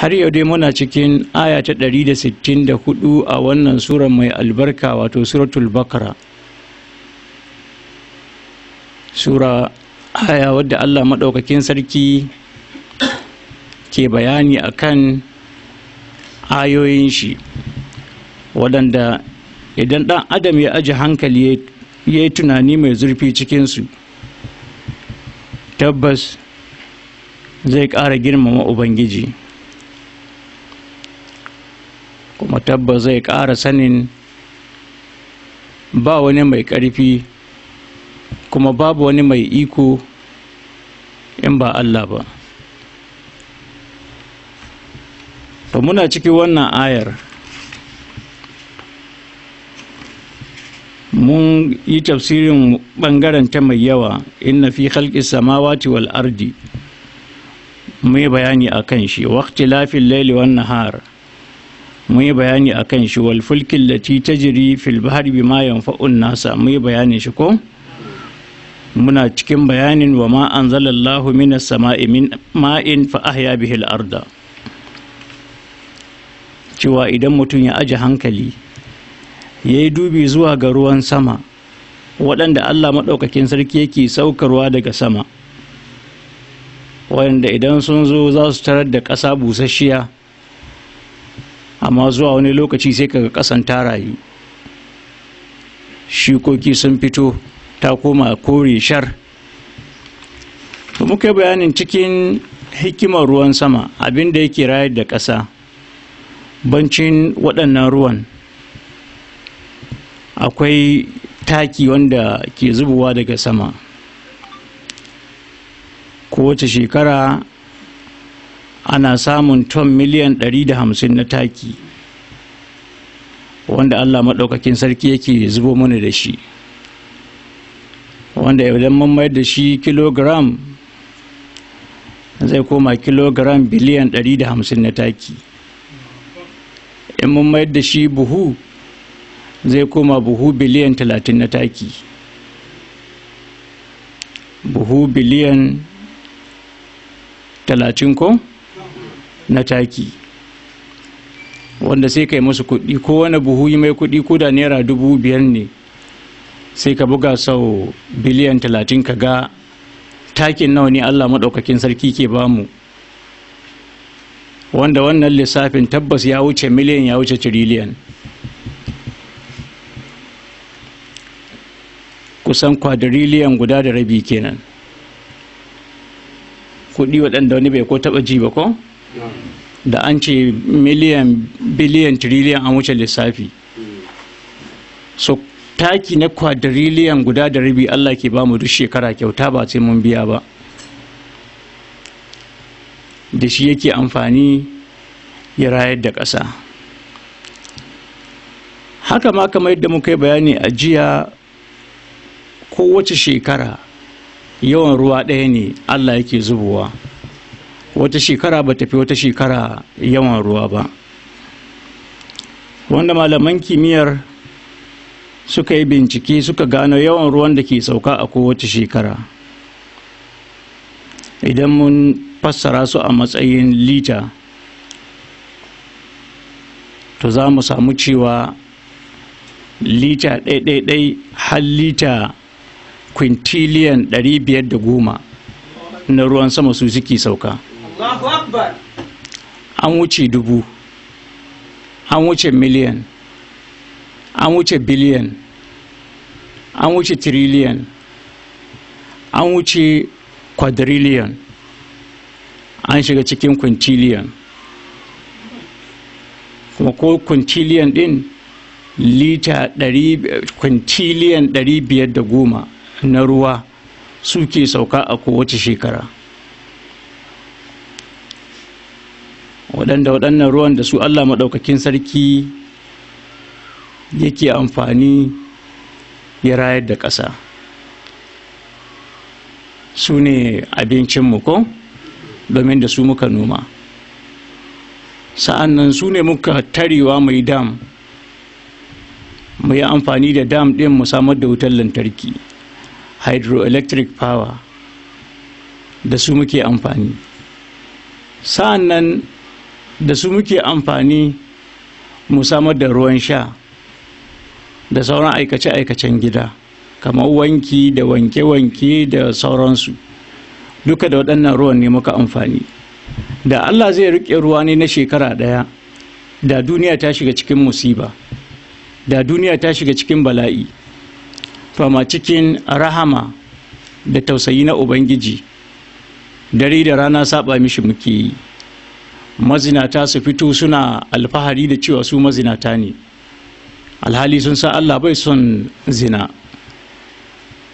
har yau dai muna cikin aya ta ɗari da da sittin 164 a wannan sura mai albarka wato suratul bakara sura aya wadda allah maɗaukakin sarki ke bayani a kan ayoyin shi waɗanda idan ɗan adam ya aji hankali ya yi tunani mai zurfi cikinsu tabbas zai ƙara girmama ubangiji kuma tabba zai ƙara sanin ba wani mai ƙarfi kuma babu wani mai iko in ba Allah ba to muna cikin wannan ayar mun yi tafsirin ɓangaren ta mai yawa inna fi khalqis samawati wal ardi mai bayani akan shi waqtilafil laili wan nahar mun yi bayani a kan shi wal fulkin lati jiri fil bi bima yanfa'un nasa mun yi bayanin shi ko muna cikin bayanin wa ma anzalallahu as sama'i min ma'in fa ahya bihi al-arda cewa idan mutum ya aje hankali ya yi dubi zuwa ga ruwan sama waɗanda Allah maɗaukakin sarki yake saukarwa daga sama waɗanda idan sun zo za su tarar da ƙasa busasshiya amma zuwa wani lokaci sai kaga kasan ta rayu shikoki sun fito ta koma kore shar muke bayanin cikin hikimar ruwan sama abinda da yake rayar da ƙasa bancin waɗannan ruwan akwai taki wanda ke zubowa daga sama kowace shekara ana samun ton miliyan 150 na taki wanda allah maɗaukakin sarki yake zubo mana da shi wanda idan mun mayar da shi kilogram zai koma kilogram biliyan 150 na taki in mun mayar da shi buhu zai koma buhu biliyan 30 na taki buhu biliyan 30 ko? na taki wanda sai ka yi musu kuɗi ko wani buhu mai kuɗi ko da naira dubu biyar ne sai ka buga sau biliyan talatin ka ga takin nawa ne allah maɗaukakin sarki ke ba mu? wanda wannan lissafin tabbas ya wuce miliyan ya wuce tiriliyan kusan kwadiriliyan guda da rabi kenan kuɗi waɗanda wani bai ko taɓa ji ba ko? da an ce miliyan biliyan triliyan an wuce lissafi so taki na kwadriliyan guda da rabi allah ke bamu duk shekara kyauta ba sai mun biya ba da shi yake amfani ya rayar da ƙasa haka ma kamar yadda muka yi bayani a jiya kowace shekara yawan ruwa ɗaya ne allah yake zubowa wata shekara ba tafi wata shekara yawan ruwa ba wanda malaman kimiyyar suka yi bincike suka gano yawan ruwan da ke sauka a kowace shekara idan mun fassara su a matsayin lita to za mu samu cewa lita ɗaiɗaiɗai har lita kwintiliyan 510 na ruwan sama su suke sauka an wuce dubu an wuce miliyan an wuce biliyan an wuce tiriliyan an wuce quadrillion an shiga cikin quintillion kuma ko quintillion ɗin, lita quintillion goma na ruwa suke sauka a kowace shekara waɗanda waɗannan ruwan da su allah maɗaukakin sarki yake amfani ya rayar da ƙasa su ne abincinmu ko domin da su muka noma sa'an nan su ne muka tarewa mai dam mu amfani da dam ɗin mu samar da wutar lantarki hydroelectric power da su muke amfani sa'an nan da su muke amfani mu samar da ruwan sha da sauran aikace-aikacen gida kamar wanki da wanke-wanke da sauransu duka da waɗannan ruwan ne muka amfani da allah zai riƙe ruwa ne na shekara ɗaya da duniya ta shiga cikin musiba da duniya ta shiga cikin bala'i fama cikin rahama da tausayi na ubangiji dare da rana saba mishi muke yi mazinata su fito suna alfahari da cewa su mazinata ne alhali sun san allah bai son zina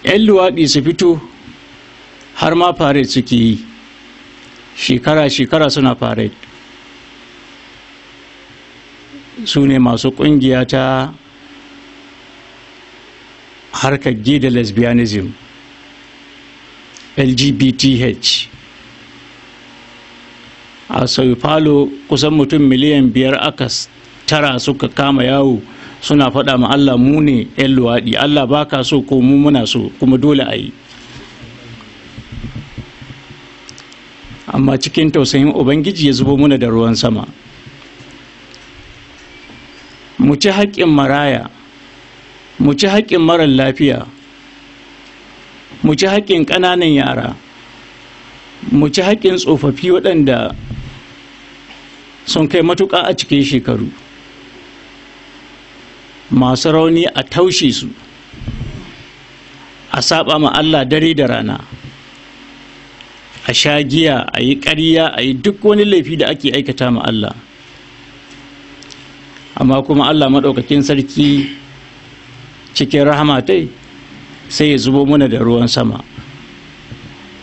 'yan luwaɗi su fito har ma fare suke yi shekara-shekara suna fare su ne masu ƙungiya ta harkar gida da lesbianism lgbth a sao falo, kusan mutum miliyan biyar aka tara suka kama yawo suna faɗa ma allah mu ne 'yan luwaɗi allah baka so ko mu muna so kuma dole a yi amma cikin tausayin ubangiji ya zubo muna da ruwan sama mu ci haƙƙin maraya mu ci haƙƙin marar lafiya mu ci haƙƙin ƙananan yara mu ci haƙƙin tsofaffi waɗanda sun kai matuƙa a cikin shekaru masu rauni a taushe su a saba ma Allah dare da rana a sha giya a yi ƙarya a yi duk wani laifi da ake aikata ma Allah amma kuma Allah maɗaukakin sarki cikin rahamatai sai ya zubo mana da ruwan sama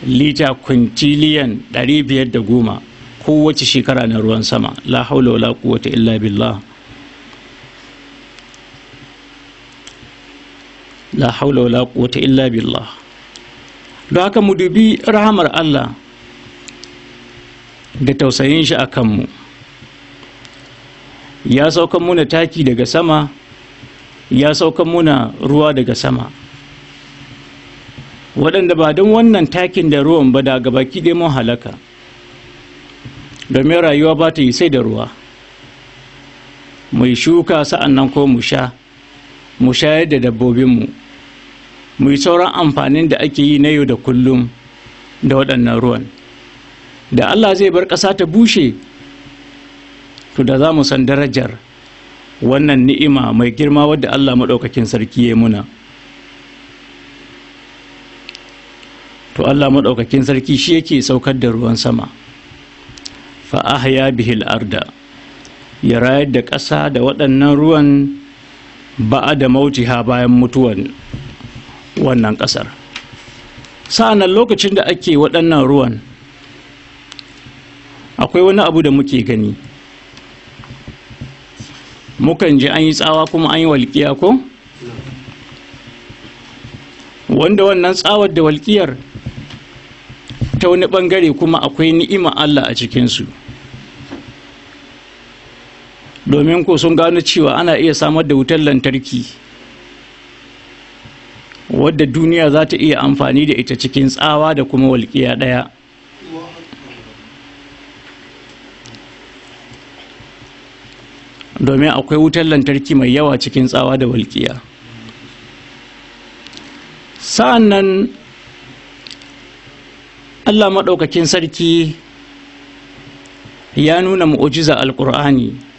lita kwintiliyan 510 kowace shekara na ruwan sama la haula wala quwwata illa billah la haula wala quwwata illa billah don haka mu dubi rahamar Allah da tausayin shi a kanmu ya saukan muna taki daga sama ya saukan muna ruwa daga sama waɗanda ba don wannan takin da ruwan ba da gabaki dai mun halaka domin rayuwa ba ta yi sai da ruwa mai shuka sa'annan ko mu sha mu shayar da dabbobinmu mu yi sauran amfanin da ake yi na yau da kullum da waɗannan ruwan da allah zai bar ƙasa ta bushe to da za mu san darajar wannan ni'ima mai girma wadda allah maɗaukakin sarki ya muna to allah maɗaukakin sarki shi yake saukar da ruwan sama fa'ahya bihil arda ya rayar da ƙasa da waɗannan ruwan ba'a da mautiha bayan mutuwan wannan ƙasar nan lokacin da ake waɗannan ruwan akwai wani abu da muke gani mukan ji an yi tsawa kuma an yi walƙiya ko wanda wannan tsawar da walƙiyar ta wani ɓangare kuma akwai ni'ima Allah a cikinsu domin ko sun gano cewa ana iya samar da wutar lantarki wadda duniya za ta iya amfani da ita cikin tsawa da kuma walƙiya ɗaya domin akwai wutar lantarki mai yawa cikin tsawa da walƙiya sa'an nan allah maɗaukakin sarki ya nuna mu'ujiza alƙur'ani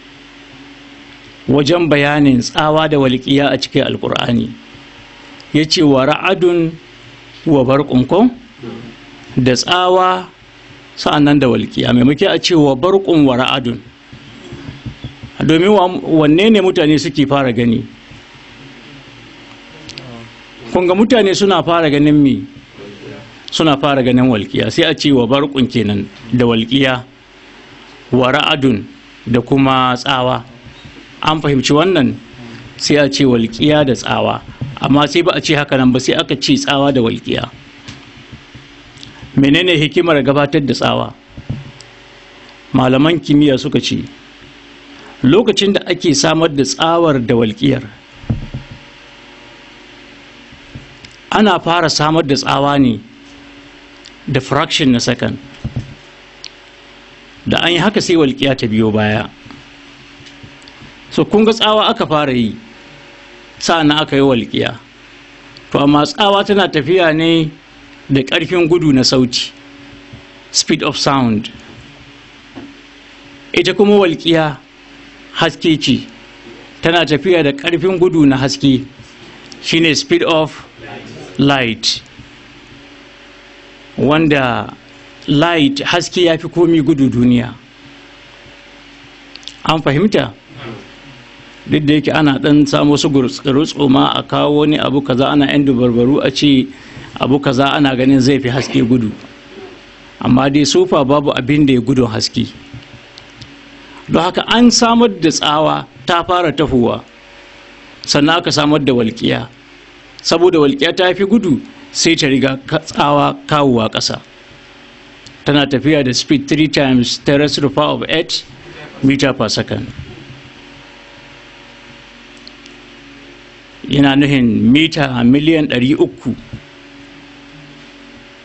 wajen bayanin tsawa da walƙiya a cikin alƙur'ani ya ce wa ra'adun wa barƙunkun da tsawa sa'annan da walƙiya maimakon a ce wa barƙun wa ra'adun domin wanne ne mutane suke fara gani kunga mutane suna fara ganin mi suna fara ganin walƙiya sai a ce wa barƙun kenan da walƙiya wa ra'adun da kuma tsawa an fahimci wannan sai a ce walƙiya da tsawa amma sai ba a ce haka nan ba sai aka ce tsawa da walƙiya menene hikimar gabatar da tsawa malaman kimiyya suka ce lokacin da ake samar da tsawar da walƙiyar ana fara samar da tsawa ne da fraction na second da an yi haka sai walƙiya ta biyo baya so kun ga tsawa aka fara yi sa'annan aka yi walƙiya to amma tsawa tana tafiya ne da ƙarfin gudu na sauti speed of sound ita kuma walƙiya haske ce tana tafiya da ƙarfin gudu na haske shine speed of light wanda light haske ya fi komi gudu duniya an fahimta duk da yake ana dan samu su gurutsu ma a kawo wani abu kaza ana yan dubarbaru a ce abu kaza ana ganin zai fi haske gudu amma dai sofa babu abin da ya gudun haske don haka an samar da tsawa ta fara tafowa sannan aka samar da walƙiya saboda walƙiya ta fi gudu sai ta riga tsawa kawowa ƙasa tana tafiya da speed 3 times terrestrial power of 8 meter per second yana nuhin mita miliyan ɗari uku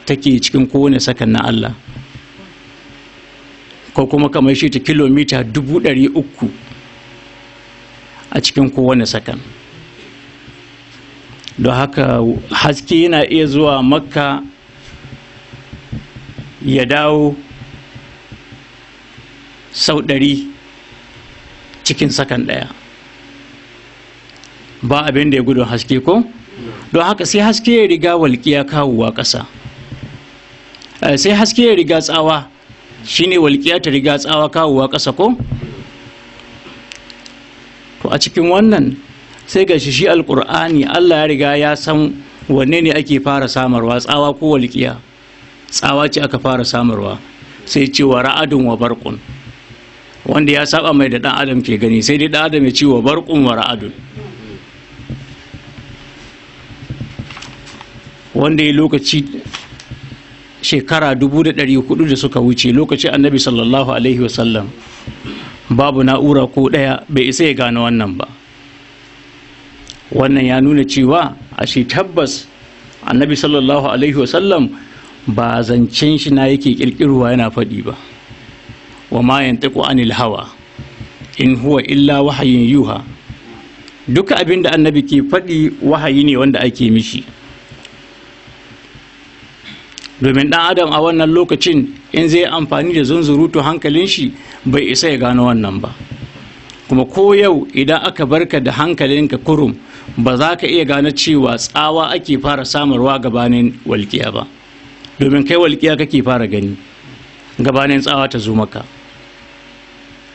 take cikin kowane sakan na Allah ko kuma kamar shi ta kilomita uku a cikin kowane sakan don haka haske yana iya zuwa makka ya dawo sau ɗari cikin sakan ɗaya ba abin da ya gudun haske ko don haka sai haske ya riga walƙiya kawowa ƙasa eh, sai haske ya riga tsawa shine walƙiya ta riga tsawa kawowa ƙasa ko to a cikin wannan sai ga shi alƙur'ani allah ya riga ya san wanne ne ake fara samarwa tsawa ko walƙiya tsawa ce aka fara samarwa sai ce wa ra'adun wa barkun wanda ya saba mai da ɗan adam ke gani sai dai ɗan adam ya ce wa barkun wa ra'adun wanda ya lokaci shekara dubu da ɗari hudu da suka wuce lokaci annabi sallallahu alaihi wasallam babu na'ura ko ɗaya bai isa ya gano wannan ba wannan ya nuna cewa a shi tabbas annabi sallallahu alaihi wasallam ba zancen shi na yake kirkirwa yana faɗi ba wa ma yantiqu anil hawa in huwa illa wahayin yuha duka abinda annabi ke faɗi wahayi ne wanda ake mishi domin ɗan adam a wannan lokacin in zai amfani da zunzurutu hankalin shi bai isa ya gano wannan ba kuma ko yau idan aka barka da hankalinka kurum ba za ka iya gane cewa tsawa ake fara samarwa gabanin walƙiya ba domin kai walƙiya kake fara gani gabanin tsawa ta zo maka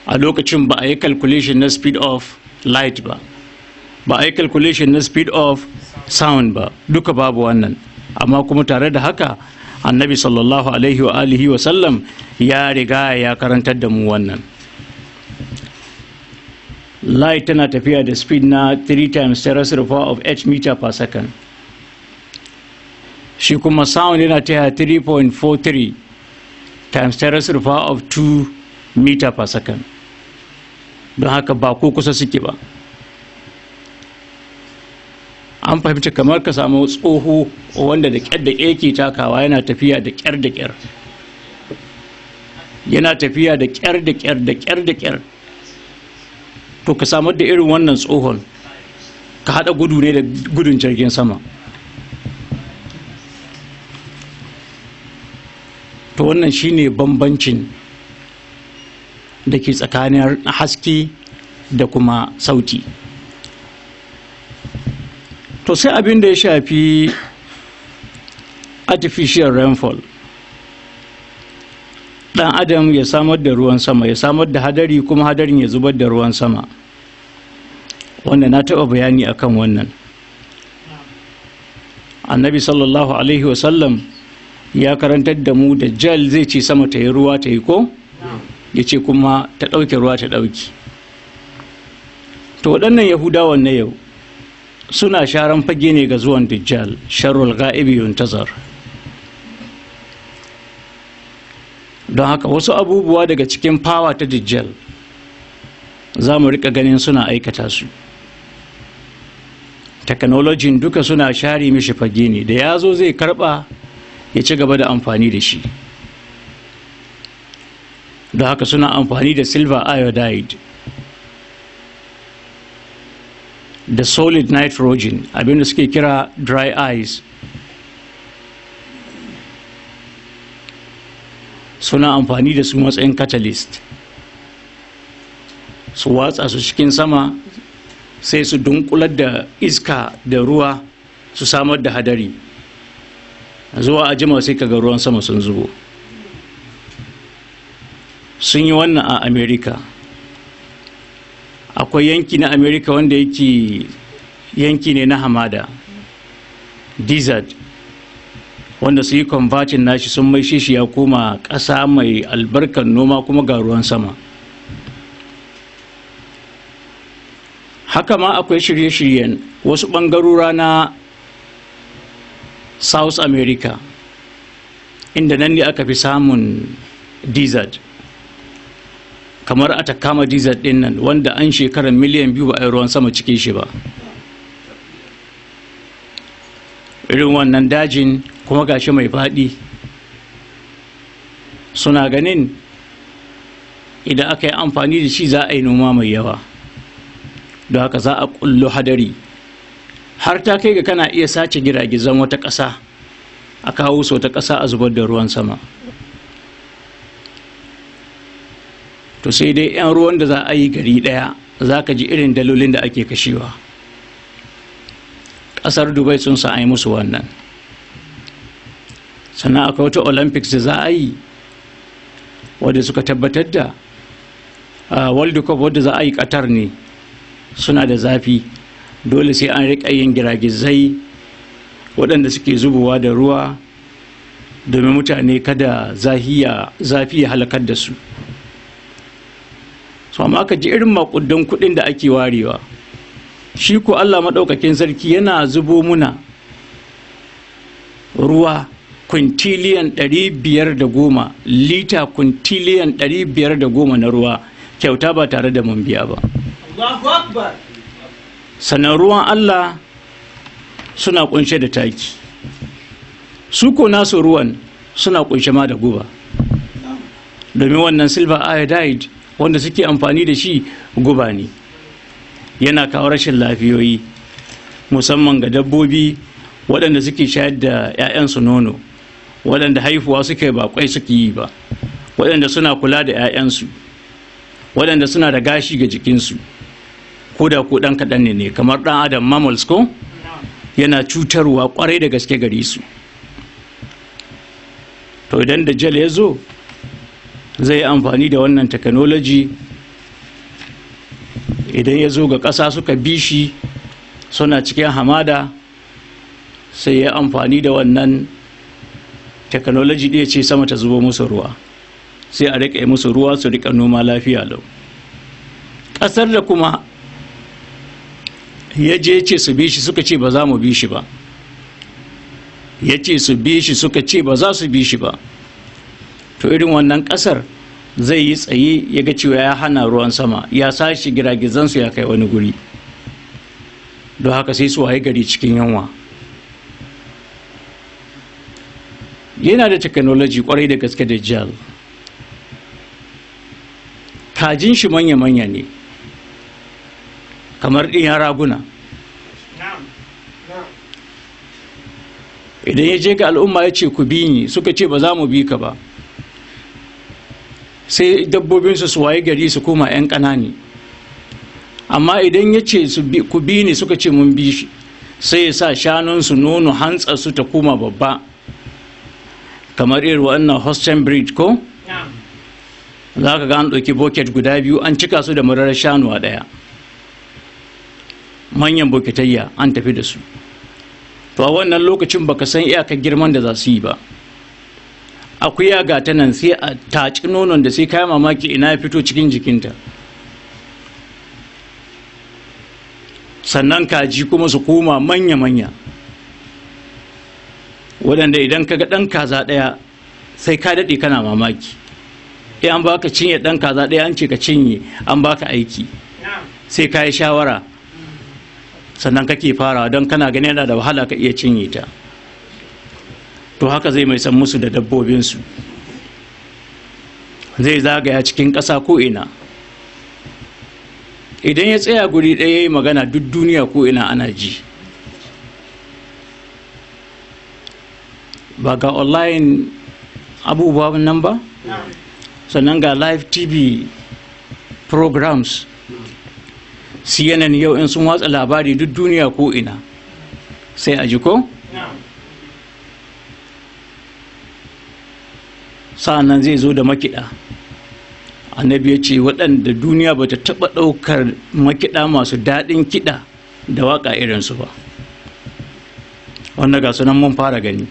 a lokacin ba a yi calculation na speed of light ba ba a yi calculation na speed of sound ba duka babu wannan amma kuma tare da haka annabi sallallahu alaihi wa alihi wa sallam ya riga ya karantar da mu wannan light tana tafiya da speed na 3 times terrace the power of h meter per second shi kuma sound yana tafiya 3.43 times terrace the power of 2 meter per second don haka ba ko kusa suke ba an fahimci kamar ka samu tsoho wanda da ƙyar da ke takawa yana tafiya da ƙyar da ƙyar yana tafiya da ƙyar da ƙyar da ƙyar da ƙyar to ka samar da irin wannan tsohon ka haɗa gudu ne da gudun jirgin sama to wannan shine bambancin da ke tsakanin haske da kuma sauti. to sai abin da ya shafi artificial rainfall dan adam ya samar da ruwan sama ya samar da hadari kuma hadarin ya zubar da ruwan sama wanda na taɓa bayani akan wannan annabi sallallahu alaihi wasallam ya karantar da mu da jal zai ce sama ta yi ruwa ta yi ko ya ce kuma ta ɗauke ruwa ta ɗauki to waɗannan yahudawan na yau suna sharan fage ne ga zuwan dajjal sharul ga'ibi yuntazar don haka wasu abubuwa daga cikin fawa ta dajjal za mu rika ganin suna aikata su teknolojin duka suna share mishi fage ne da ya zo zai karba ya ci gaba da amfani da shi don haka suna amfani da silver iodide da solid nitrogen abinda suke kira dry ice suna amfani da su matsayin catalyst su watsa su cikin sama sai su dunkular da iska da ruwa su samar da hadari zuwa a jima sai kaga ruwan sama sun zubo sun yi wannan a Amerika. akwai yanki na america wanda yake yanki ne na hamada desert wanda su yi convertin nashi sun mai shi ya koma ƙasa mai albarkar noma kuma ga ruwan sama haka ma akwai shirye-shiryen wasu ɓangarora na south america inda nan ne aka fi samun desert kamar a takama dizal din nan wanda an shekarar miliyan biyu ba a yi ruwan sama cikin shi ba irin wannan dajin kuma gashi mai faɗi suna ganin idan aka yi amfani da shi za a yi noma mai yawa don haka za a kullu hadari har ta kai ga kana iya sace giragizan wata ƙasa a kawo su wata ƙasa a zubar da ruwan sama to sai dai 'yan ruwan da za a yi gari ɗaya za ka ji irin dalolin da ake kashewa ƙasar dubai sun sa yi musu wannan sannan akwai wata olympics da za a yi wadda suka tabbatar da world cup wadda za a yi ƙatar ne suna da zafi dole sai an riƙa yin giragizai waɗanda suke zubowa da ruwa domin mutane kada zafi ya halakar da su su amma ka ji irin makudan kuɗin da ake warewa shi ko Allah maɗaukakin sarki yana zubo muna ruwa ɗari biyar da goma, lita ɗari biyar da goma na ruwa kyauta ba tare da mun biya ba sannan ruwan Allah suna kunshe da taki su ko nasu ruwan suna kunshe ma da guba domin wannan silver iodide wanda suke amfani da shi guba ne yana kawo rashin lafiyoyi musamman ga dabbobi waɗanda suke shayar da 'ya'yansu nono waɗanda haifuwa suke bakwai suke yi ba waɗanda suna kula da 'ya'yansu waɗanda suna da gashi ga jikinsu ko da ko ɗan kaɗan ne kamar ɗan adam mammals ko yana cutarwa ƙwarai da gaske gare su to idan da jal ya zo zai amfani da wannan technology idan ya zo ga ƙasa suka bi shi suna cikin hamada sai ya amfani da wannan technology ɗaya ce sama ta zubo musu ruwa sai a riƙe musu ruwa su riƙa noma lafiya lau ƙasar da kuma ya je ce su bi shi suka ce ba za mu bi shi ba ya ce su bi shi suka ce ba za su bi shi ba to irin wannan ƙasar zai yi tsaye ya ga cewa ya hana ruwan sama ya sashi giragizansu ya kai wani guri don haka sai su waye gari cikin yunwa. yana da technology kwarai da gaske da jal kajin shi manya-manya ne kamar ɗiyan raguna idan ya je ga al'umma ya ce ku bi ni suka ce ba za mu bi ka ba sai dabbobinsu su waye gari su koma 'yan ƙanani amma idan ya ce ku bi ni suka ce mun bi shi sai ya sa shanunsu nono su ta koma babba kamar irin wannan hosten bridge ko za ka ga an ɗauki bucket guda biyu an cika su da shanu a ɗaya manyan bukitayya an tafi da su to a wannan lokacin baka san iyakar girman da za su yi ba akuya ga ta nan sai a taci nonon da sai kayi mamaki ina ya fito cikin jikinta sannan kaji kuma su koma manya-manya waɗanda idan ka ga ɗan kaza ɗaya sai ka daɗe kana mamaki in eh, an baka cinye ɗan kaza ɗaya an ce ka cinye an baka aiki sai ka yi shawara sannan kake farawa don kana ganin yana da wahala ka iya cinye ta. to haka zai mai san musu da dabbobinsu zai zagaya cikin ƙasa ko'ina idan ya tsaya guri ɗaya yi magana duk duniya ko'ina ana ji ba ga online abubuwan nan ba sannan ga live tv programs cnn yau in sun watsa labari duk duniya ko ina, sai a ji ko? nan zai zo da makiɗa annabi ya ce waɗanda duniya ba ta taɓa ɗaukar makiɗa masu daɗin kiɗa da waƙa irinsu ba wanda ga sunan mun fara gani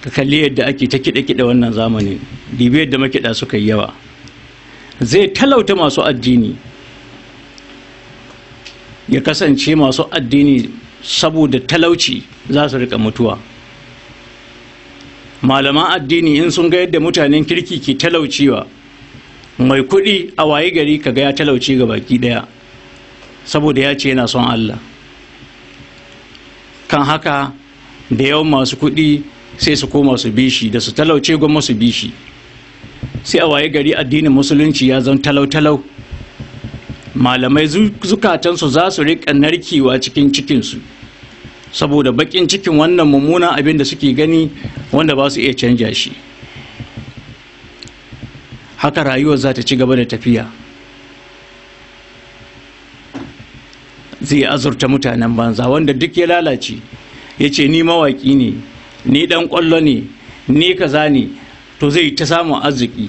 ka kalli yadda ake ta kiɗe-kiɗe wannan zamanin dibi yadda makiɗa suka yi yawa zai talauta masu addini ya kasance masu addini saboda talauci za su rika mutuwa malaman addini in sun ga yadda mutanen kirki ke talaucewa mai kuɗi a waye gari ka ga ya talauci ga baki ɗaya saboda ya ce yana son Allah kan haka da yawan masu kuɗi sai su koma su bishi da su talauce gwamma su bishi sai a waye gari addinin musulunci ya zan talau-talau malamai zukatansu za su riƙa narkewa cikin cikinsu saboda bakin cikin wannan mummunan abin da suke gani wanda ba su iya canja shi haka rayuwar za ta ci gaba da tafiya zai azurta mutanen banza wanda duk ya lalace ya ce ni mawaƙi ne ni ɗan ƙwallo ne ni kaza ne to zai ta samun arziki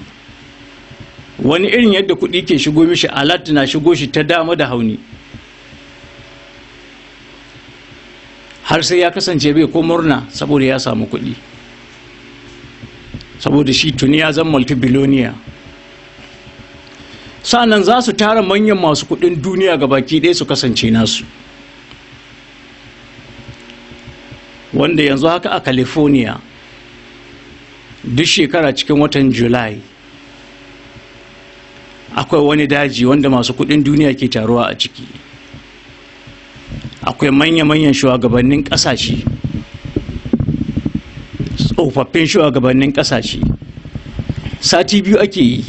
wani irin yadda kuɗi ke shigo mishi alat na shigo shi ta dama da hauni har sai ya kasance bai ko murna saboda ya samu kuɗi saboda shi tuni ya zan multibiloniya sa'annan za su tara manyan masu kuɗin duniya ga baki ɗaya su kasance nasu wanda yanzu haka a california duk shekara cikin watan july akwai wani daji wanda masu kuɗin duniya ke taruwa a ciki akwai manya-manyan shugabannin ƙasashe tsofaffin shugabannin ƙasashe sati biyu ake yi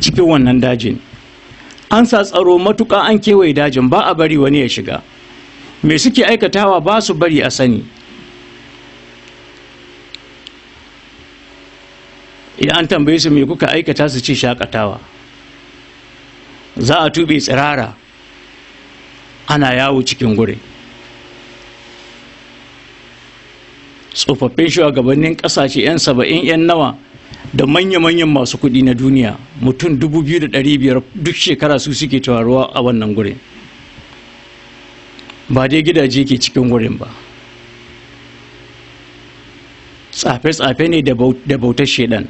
cikin wannan dajin an sa tsaro matuƙa an kewaye dajin ba a bari wani ya shiga me suke aikatawa ba su bari a sani idan an tambaye su me kuka aikata su ce shakatawa za a tube tsirara ana yawo cikin gurin tsofaffin shugabannin kasashe 'yan saba'in 'yan nawa da manya-manyan masu kuɗi na duniya mutum 2,500 duk shekara su suke taruwa a wannan gurin ba dai gidaje ke cikin gurin ba tsafe-tsafe ne da bautar shedan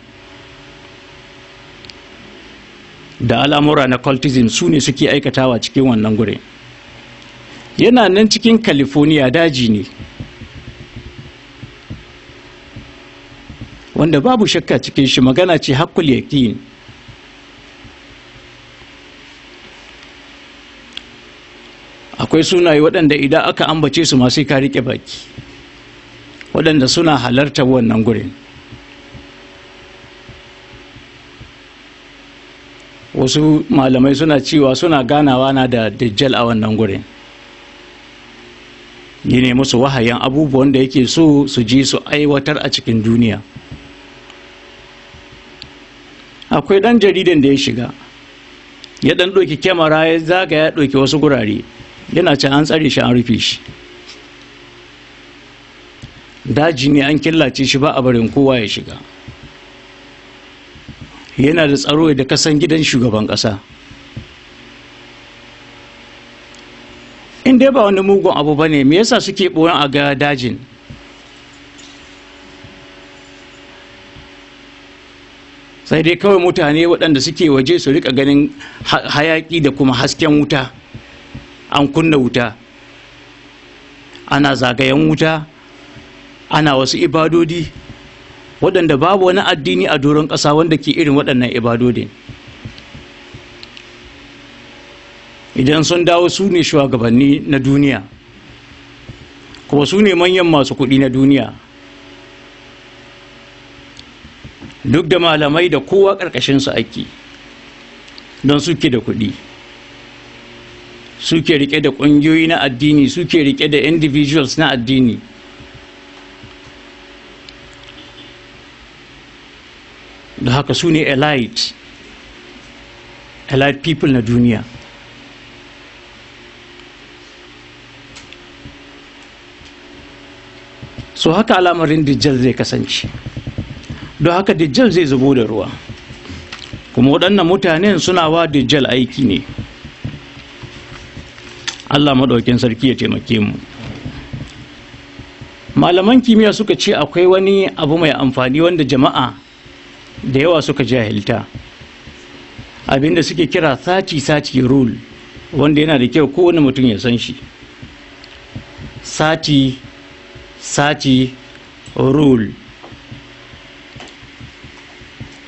da al'amura na cultism su ne suke aikatawa cikin wannan gurin yana nan cikin california daji ne wanda babu shakka cikin shi magana ce hakul yakin akwai sunaye waɗanda idan aka ambace su masu ka riƙe baki waɗanda suna halartar wannan gurin wasu malamai suna cewa suna ganawa na da dajjal a wannan gurin yi ne musu wahayin abubuwan da yake so su ji su aiwatar a cikin duniya akwai ɗan jaridan da ya shiga ya ɗan ɗauki kyamara ya zaga ya ɗauki wasu gurare yana can an tsare shi an rufe shi daji ne an killace shi ba a barin kowa ya shiga yana da tsaro da kasan gidan shugaban ƙasa in dai ba wani mugun abu ba ne me yasa suke ɓoyon a ga dajin sai dai kawai mutane waɗanda suke waje su rika ganin hayaƙi da kuma hasken wuta an kunna wuta ana zagayen wuta ana wasu ibadodi waɗanda babu wani addini a doron ƙasa wanda ke irin waɗannan ibadodin idan sun dawo su ne shugabanni na duniya kuma su ne manyan masu kuɗi na duniya duk da malamai da kowa ƙarƙashinsu ake don suke da kuɗi suke rike da ƙungiyoyi na addini suke rike da individuals na addini da haka su ne elite elite people na duniya so haka al'amarin dijjal zai kasance don haka dijjal zai zubo da ruwa kuma waɗannan mutanen suna wa dijjal aiki ne allah maɗaukin sarki ya taimake mu malaman kimiyya suka ce akwai wani abu mai amfani wanda jama'a da yawa suka jahilta abinda suke kira sati-sati rule wanda yana da kyau kowane mutum ya san shi sati sati rul,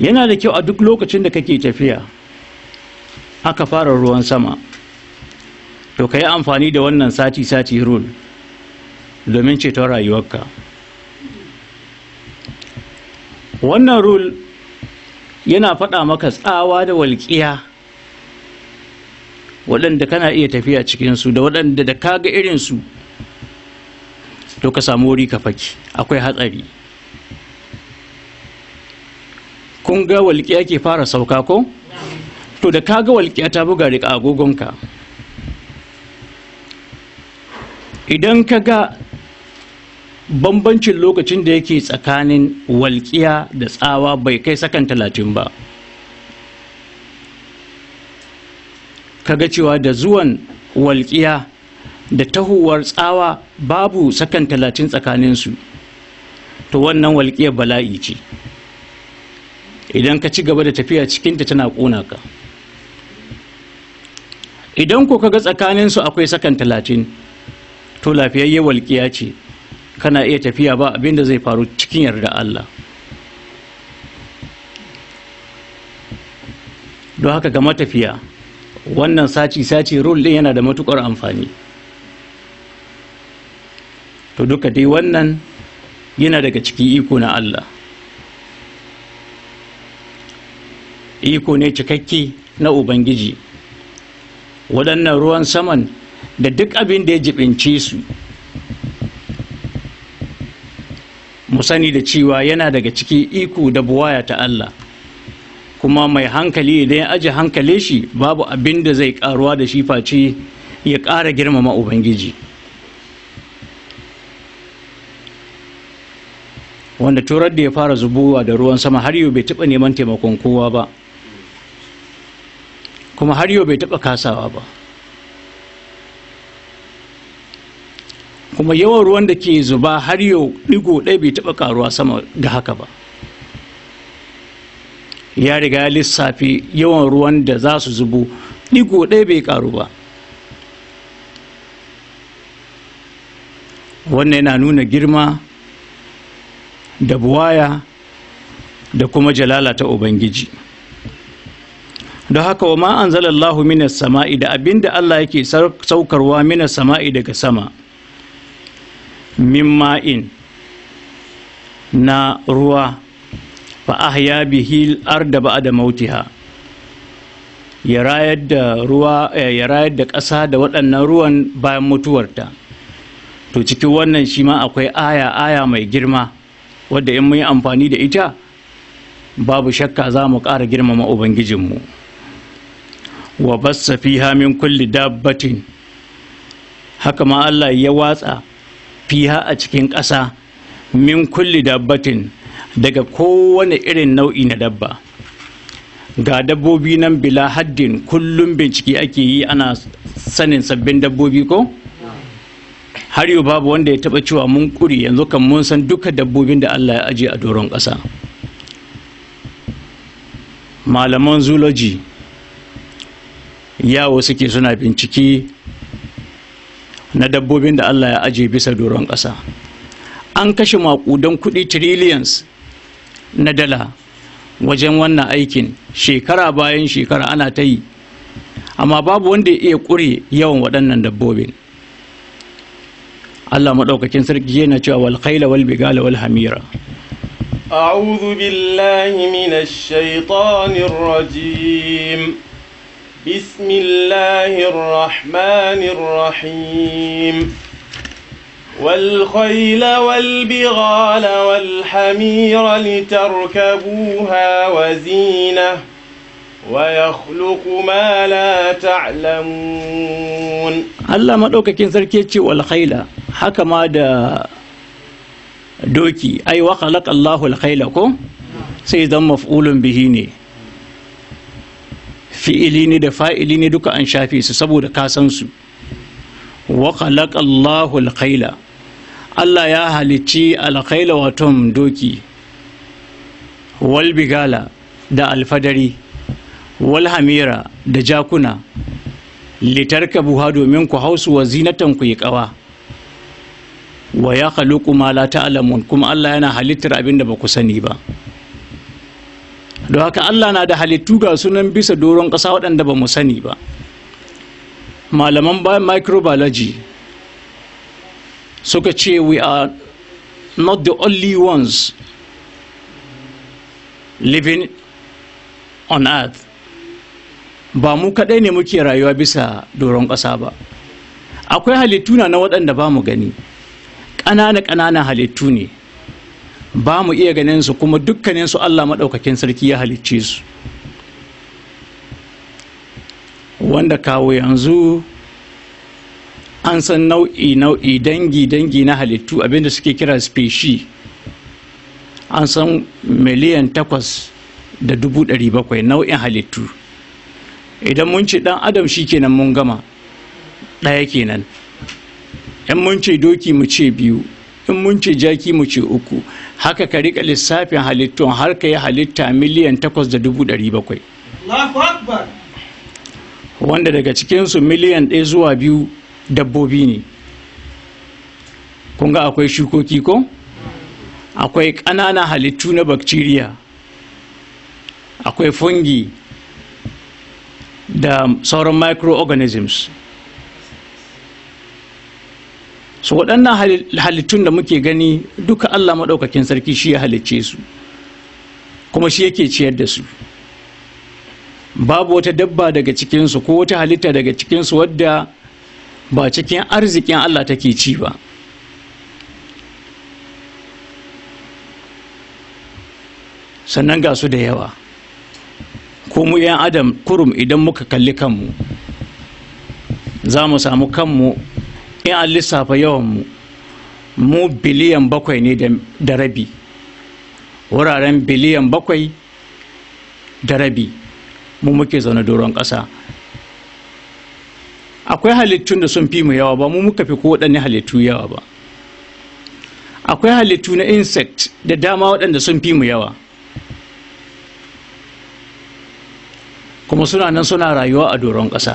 yana da kyau a duk lokacin da kake tafiya aka fara ruwan sama to ka yi amfani da wannan sati-sati rule domin ceton rayuwarka wannan rule yana faɗa maka tsawa da walƙiya waɗanda kana iya tafiya cikinsu da waɗanda da kaga irinsu to ka samu wuri ka faki akwai hatsari kun ga walƙiya ke fara sauka ko to da ka ga walƙiya ta buga da agogonka idan ka ga bambancin lokacin da yake tsakanin walƙiya da tsawa bai kai sakan talatin ba Ka ga cewa da zuwan walƙiya da tahowar tsawa babu sakan talatin tsakaninsu to wannan walƙiyar bala'i ce idan ka ci gaba da tafiya cikinta tana ƙona ka idan ko kaga tsakaninsu akwai sakan talatin to lafiyayye walƙiya ce kana iya tafiya ba abinda zai faru cikin yarda Allah don haka ga matafiya wannan saci-saci rule ɗin yana da matukar amfani to duka dai wannan yana daga ciki iko na Allah iko ne cikakke na ubangiji waɗannan ruwan saman da duk abin da ya jibince su mu sani da cewa yana daga ciki iko da buwaya ta Allah kuma mai hankali idan ya aji hankali shi babu abin da zai karuwa da shi face ya ƙara girmama ubangiji wanda turar da ya fara zubowa da ruwan sama har yau bai taɓa neman taimakon kowa ba kuma har yau bai taɓa kasawa ba kuma yawan ruwan da ke zuba har yau ɗigo ɗaya bai taɓa ƙaruwa sama da haka ba ya riga ya lissafi yawan ruwan da za su zubo ɗigo ɗaya bai ƙaru ba wannan yana nuna girma da buwaya da kuma jalala ta ubangiji don haka wa ma Lahu sama'i da abinda Allah yake saukarwa mina sama'i daga sama min ma'in na ruwa fa'ahya bihil bihi al-arda ba'da mautiha ya rayar da ruwa eh, ya rayar da ƙasa da waɗannan ruwan bayan mutuwarta to cikin wannan shi ma akwai aya aya mai girma wadda in mun yi amfani da ita babu shakka za mu ƙara girmama ubangijinmu wa bassa fiha min kulli dabbatin haka ma Allah ya watsa fiha a cikin ƙasa min kulli dabbatin daga kowane irin nau'i na dabba ga dabbobi nan bila haddin kullum bincike ake yi ana sanin sabbin dabbobi ko har yau babu wanda ya taba cewa mun kuri yanzu kan mun san duka dabbobin da Allah ya aje a doron ƙasa malaman zoology yawo suke suna bincike na dabbobin da Allah ya aje bisa doron ƙasa an kashe maƙudan kuɗi trillions na dala wajen wannan aikin shekara bayan shekara ana ta yi amma babu wanda ya iya kure yawan waɗannan dabbobin الله maɗaukakin sarki yana cewa wal khayla wal أعوذ بالله من الشيطان الرجيم بسم الله الرحمن الرحيم والخيل والبغال والحمير لتركبوها وزينه ويخلق ما لا تعلمون الله ما دوكا كين سركي يتي والخيل haka ma da doki ai wa khalaqa Allahu ko sai zan maf'ulun bihi ne fi'ili ne da fa'ilini duka an shafe su saboda ka san su wa khalaqa Allahu Allah ya halicci al-khayla wato doki walbigala da alfadari wal da jakuna litarka buha domin ku hausu wa zinatan ku yi kawa wa ya khaluqu ma la ta'lamun kuma Allah yana halittar abin da ba ku sani ba don haka Allah na da halittu ga sunan bisa doron ƙasa waɗanda ba mu sani ba malaman bayan microbiology suka ce we are not the only ones living on earth ba mu kaɗai ne muke rayuwa bisa doron ƙasa ba akwai halittu na waɗanda ba mu gani ƙanana ƙananan halittu ne ba mu iya ganin su kuma dukkanin su Allah maɗaukakin sarki ya halicce su wanda kawo yanzu an san nau'i nau'i dangi dangi na halittu abinda suke kira speshi an san miliyan takwas da dubu ɗari bakwai nau'in halittu idan mun ce dan adam shi kenan mun gama ɗaya kenan in mun ce doki mu ce biyu in mun ce jaki mu ce uku haka ka riƙa lissafin halittun har ka yi halitta miliyan takwas da dubu ɗari bakwai wanda daga cikinsu miliyan ɗaya zuwa biyu dabbobi ne kun ga akwai shukoki ko akwai ƙananan halittu na bakteriya akwai fungi da sauran microorganisms so waɗannan halittun da muke gani duka allah maɗaukakin sarki shi ya halicce su kuma shi yake ciyar da su babu wata dabba daga cikinsu ko wata halitta daga cikinsu wadda ba cikin arzikin allah take ci ba sannan ga su da yawa ko mu 'yan adam kurum idan muka kalli kanmu za mu samu kanmu in an lissafa yawanmu mu biliyan bakwai ne da rabi wuraren biliyan bakwai da rabi mu muke zaune doron ƙasa akwai halittun da sun fi mu yawa ba mu muka fi kowaɗanne halittu yawa ba akwai halittu na insect da dama waɗanda sun fi mu yawa kuma suna nan suna rayuwa a doron ƙasa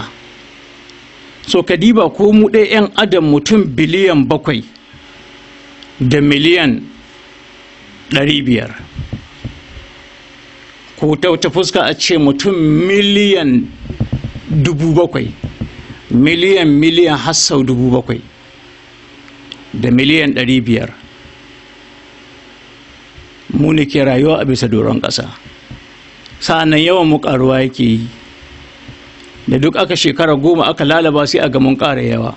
so kadiba ko mu ɗaya 'yan adam mutum biliyan bakwai da miliyan ɗari biyar ko ta wata fuska a ce mutum miliyan dubu bakwai miliyan miliyan hassau dubu bakwai da miliyan ɗari biyar mu ne ke rayuwa a bisa doron ƙasa sa'annan yawan mu karuwa yake yi da duk aka shekara goma aka lalaba sai a gamon ƙara yawa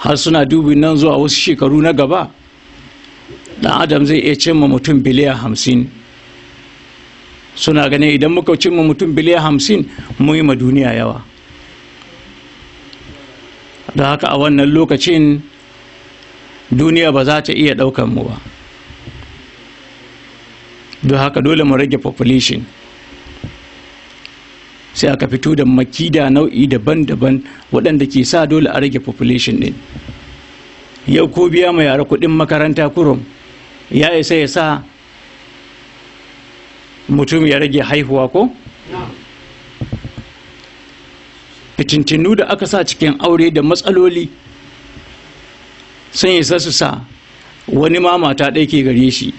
har suna dubin nan zuwa wasu shekaru na gaba dan adam zai iya cimma mutum biliyan hamsin suna ganin idan muka cimma mutum biliyan hamsin mun yi ma duniya yawa da haka a wannan lokacin duniya ba za ta iya ɗaukar mu ba don haka dole mu rage population sai aka fito da makida nau'i daban-daban waɗanda ke sa dole a rage population ɗin yau ko biya ma yara kuɗin makaranta kurum ya isa ya sa mutum ya rage haihuwa ko? fitintinu da aka sa cikin aure da matsaloli sun sa su sa wani ma mata ɗaya ke gare shi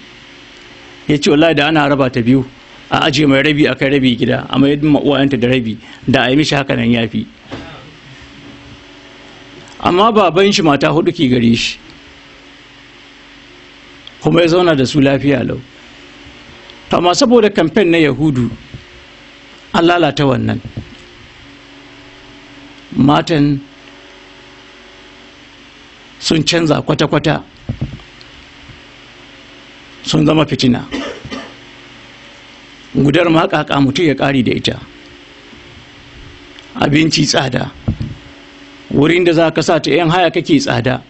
ya ce wallahi da ana raba ta biyu a ajiye mai rabi a kai rabi gida a mai yadda uwayenta da rabi da a yi mishi haka nan fi. amma baban shi mata hudu ke gare shi kuma ya zauna da su lafiya lau amma saboda kamfen na yahudu an lalata wannan matan sun canza kwata-kwata sun zama fitina gudar makaka mutum ya ƙari da ita abinci tsada wurin da za ka sa ta yan haya kake tsada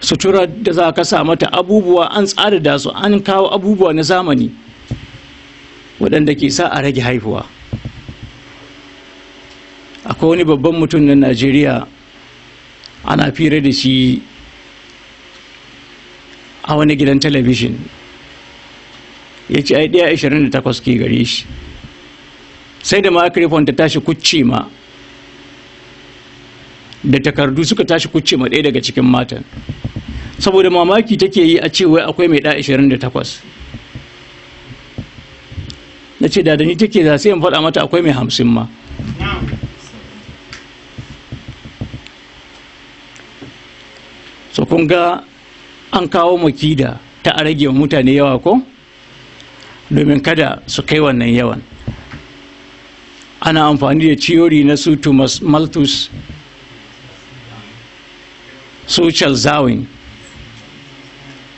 sutura da za ka sa mata abubuwa an tsada da su an kawo abubuwa na zamani waɗanda ke sa a rage haihuwa akwai wani babban mutum na najeriya ana fira da shi a wani gidan talabijin ya ce ai ɗaya 28 ke gare shi sai da makarifon ta tashi kucce ma da takardu suka tashi kucce ma ɗaya daga cikin matan saboda mamaki take yi a cewa akwai mai ɗa 28 na ce da dani take za sai yi faɗa mata akwai mai hamsin ma so kun ga an kawo makida ta a rage mutane yawa ko domin kada su kai wannan yawan ana amfani da ciyori na su Thomas Malthus Social Zawin.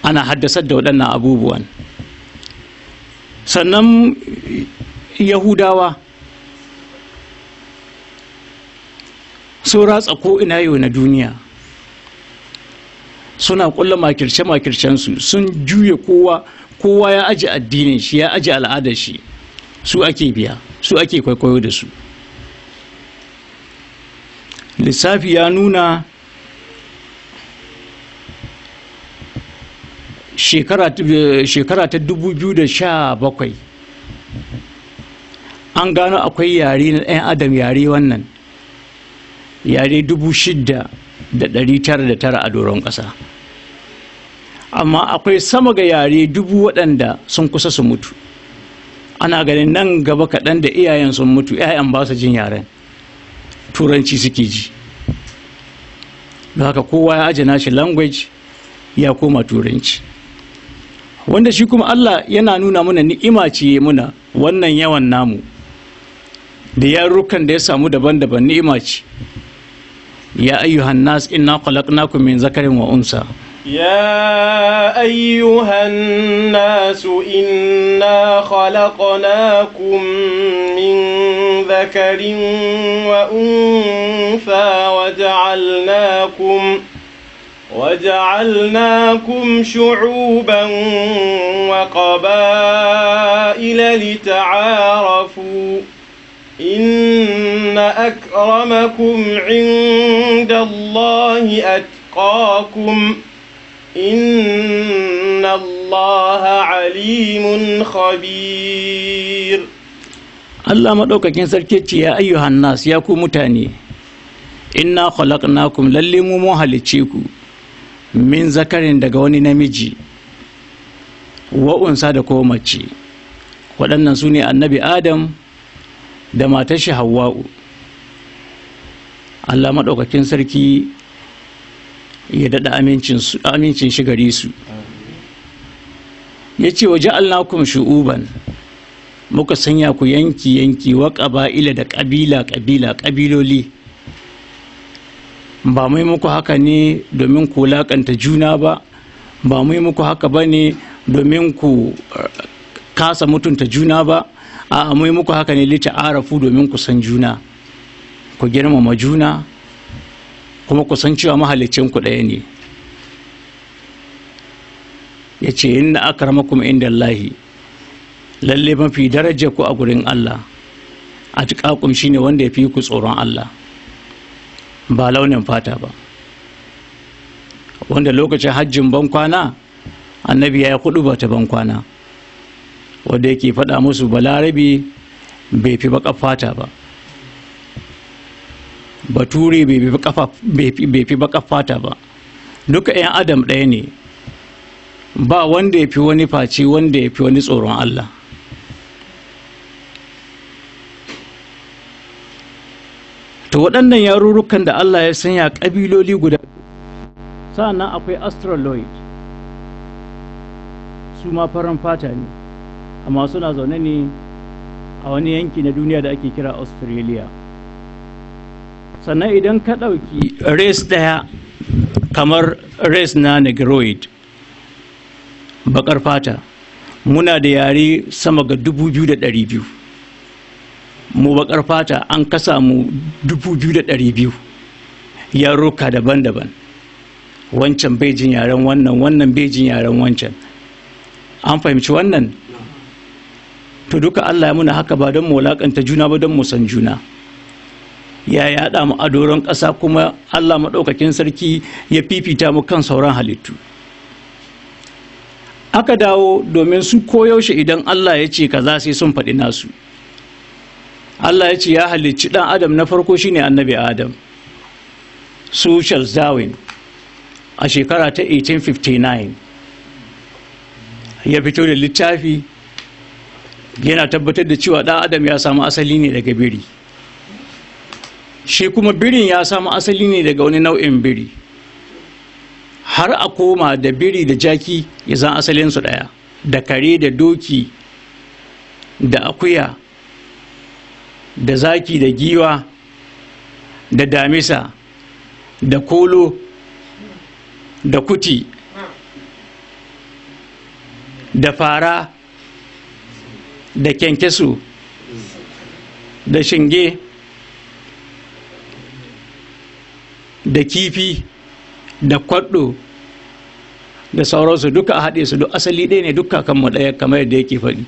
ana haddasar da waɗannan abubuwan sannan yahudawa su ratsa ko ina yau na duniya suna kulla makirce su sun juya kowa kowa ya aji addinin shi ya aji al'adar shi su ake biya su ake kwaikwayo da su lissafi ya nuna shekara ta 2017 an gano akwai yare na ɗan adam yare wannan yare tara a doron ƙasa amma akwai sama ga yare dubu waɗanda sun kusa su mutu ana ganin nan gaba kaɗan da iyayen sun mutu 'ya'yan ba su jin yaren turanci suke ji da haka kowa ya ajiye nashi language ya koma turanci wanda shi kuma Allah yana nuna mana ni'ima ce muna wannan yawan namu da yarukan da ya samu daban-daban ni'ima ce ya ayyuhan nas inna khalaqnakum min zakarin wa unsa يا أيها الناس إنا خلقناكم من ذكر وأنثى وجعلناكم وجعلناكم شعوبا وقبائل لتعارفوا إن أكرمكم عند الله أتقاكم ۖ إن الله عليم خبير Allah maɗaukakin sarki ce ya ayyuhan nas ya ku mutane inna khalaqnakum lalle mu mun halicce ku min zakarin daga wani namiji wa unsa da ko mace waɗannan su ne annabi adam da matar shi hawwa'u Allah maɗaukakin sarki ya daɗa amincin shi gare su ya ce wa ja'alnakum shu'uban muka sanya ku yanki yanki wa ƙaba'ila da ƙabila ƙabila ƙabiloli ba mai muku haka ne domin ku laƙanta juna ba ba mai muku haka ba ne domin ku eh, kasa mutunta juna ba a mai muku haka ne lita arafu domin ku san juna ku girmama juna kuma ku san cewa mahalicin ku ɗaya ne ya ce inna akramakum inda Allahi lalle mafi daraja ku a gurin Allah a shi ne wanda ya fi ku tsoron Allah ba launin fata ba wanda lokacin hajjin bankwana annabi ya yi kudu ba ta bankwana wanda yake faɗa musu balarabi bai fi baƙar fata ba bature bai fi baka fata ba duka 'yan adam ɗaya ne ba wanda ya fi wani faci wanda ya fi wani tsoron allah Ta waɗannan yarurrukan da allah ya sanya ƙabiloli guda sa'annan akwai astroloid su ma faran fata ne amma suna zaune ne a wani yanki na duniya da ake kira australia sannan idan ka ɗauki race ɗaya kamar race na negroid bakar fata muna da yare sama ga 2,200 mu bakar fata an kasa mu 2,200 yaruka daban-daban wancan bejin yaren wannan wannan bejin yaren wancan an fahimci wannan to duka allah ya muna haka ba don mu wulakanta juna ba don mu san juna ya yaɗa mu a doron ƙasa kuma allah maɗaukakin sarki ya fifita mu kan sauran halittu aka dawo domin su koyaushe idan allah ya ce kaza sai sun faɗi nasu allah ya ce ya halicci ɗan adam na farko shine annabi adam su charles darwin a shekara ta 1859 ya fito da littafi yana tabbatar da cewa ɗan adam ya samu asali ne daga biri shi kuma birin ya samu asali ne daga wani nau'in biri har a koma da biri da jaki ya zan asalinsu ɗaya da kare da doki da akuya da zaki da giwa da damisa da kolo da kuti da fara da kyankyaso, da shinge da kifi da kwaɗo da sauransu duka a haɗe su duk asali ɗaya ne kan kanmu ɗaya kamar yadda yake faɗi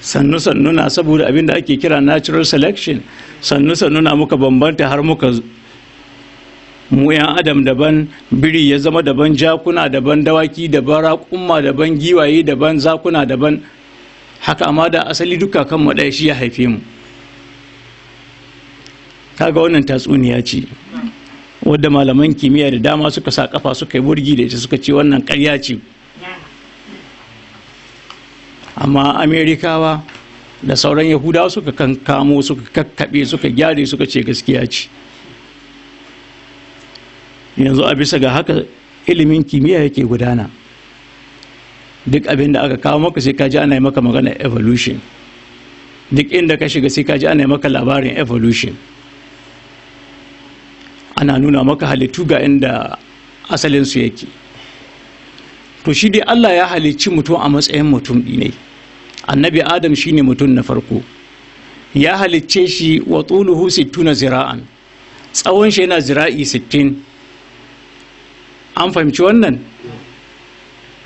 sannu sannu na saboda abin da ake kira natural selection sannu sannu na muka bambanta har muka mu 'yan adam daban biri ya zama daban jakuna daban dawaki daban raƙumma daban giwaye daban zakuna daban haka amma da asali duka kanmu ɗaya shi ya haife mu kaga wannan tatsuniya ce wadda malaman kimiyya da dama suka sa kafa suka yi burgi da ita suka ce wannan karya ce amma amerikawa da sauran yahudawa suka kankamo suka kakkaɓe suka gyare suka ce gaskiya ce yanzu a bisa ga haka ilimin kimiyya yake gudana duk abin da aka kawo maka sai ka ji ana yi maka magana evolution duk inda ka shiga sai ka ji ana yi maka labarin evolution ana nuna maka halittu ga inda asalinsu yake to shi dai Allah ya halicci mutum a matsayin mutum ne annabi adam shine mutum na farko ya halicce shi wa tuluhu sittuna zira'an tsawon shi yana zira'i sittin an fahimci wannan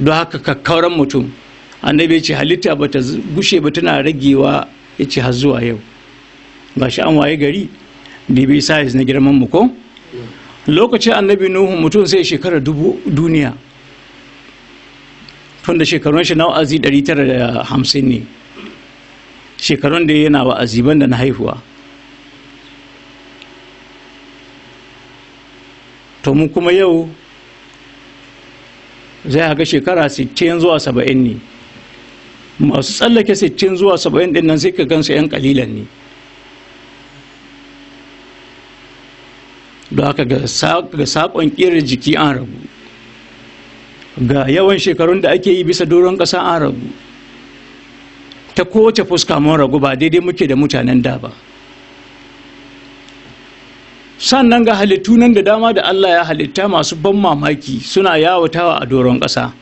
don haka kakkauran mutum annabi ya ce halitta ba ta gushe ba tana ragewa ya ce har zuwa yau shi an waye gari da bai size na girman mu ko lokacin annabi nuhu mutum sai shekara dubu duniya tunda shekarun shi na wa'azi 950 ne shekarun da yana wa'azi banda na haihuwa to mu kuma yau zai haka shekara 60 zuwa 70 ne masu tsallake 60 zuwa 70 din nan sai ka gansu 'yan kalilan ne don haka ga sakon ƙera jiki an rabu ga yawan shekarun da ake yi bisa doron ƙasa an ragu. ta kowace fuska mun ragu ba daidai muke da mutanen da ba sannan ga halittu nan da dama da Allah ya halitta masu ban mamaki suna yawatawa a doron ƙasa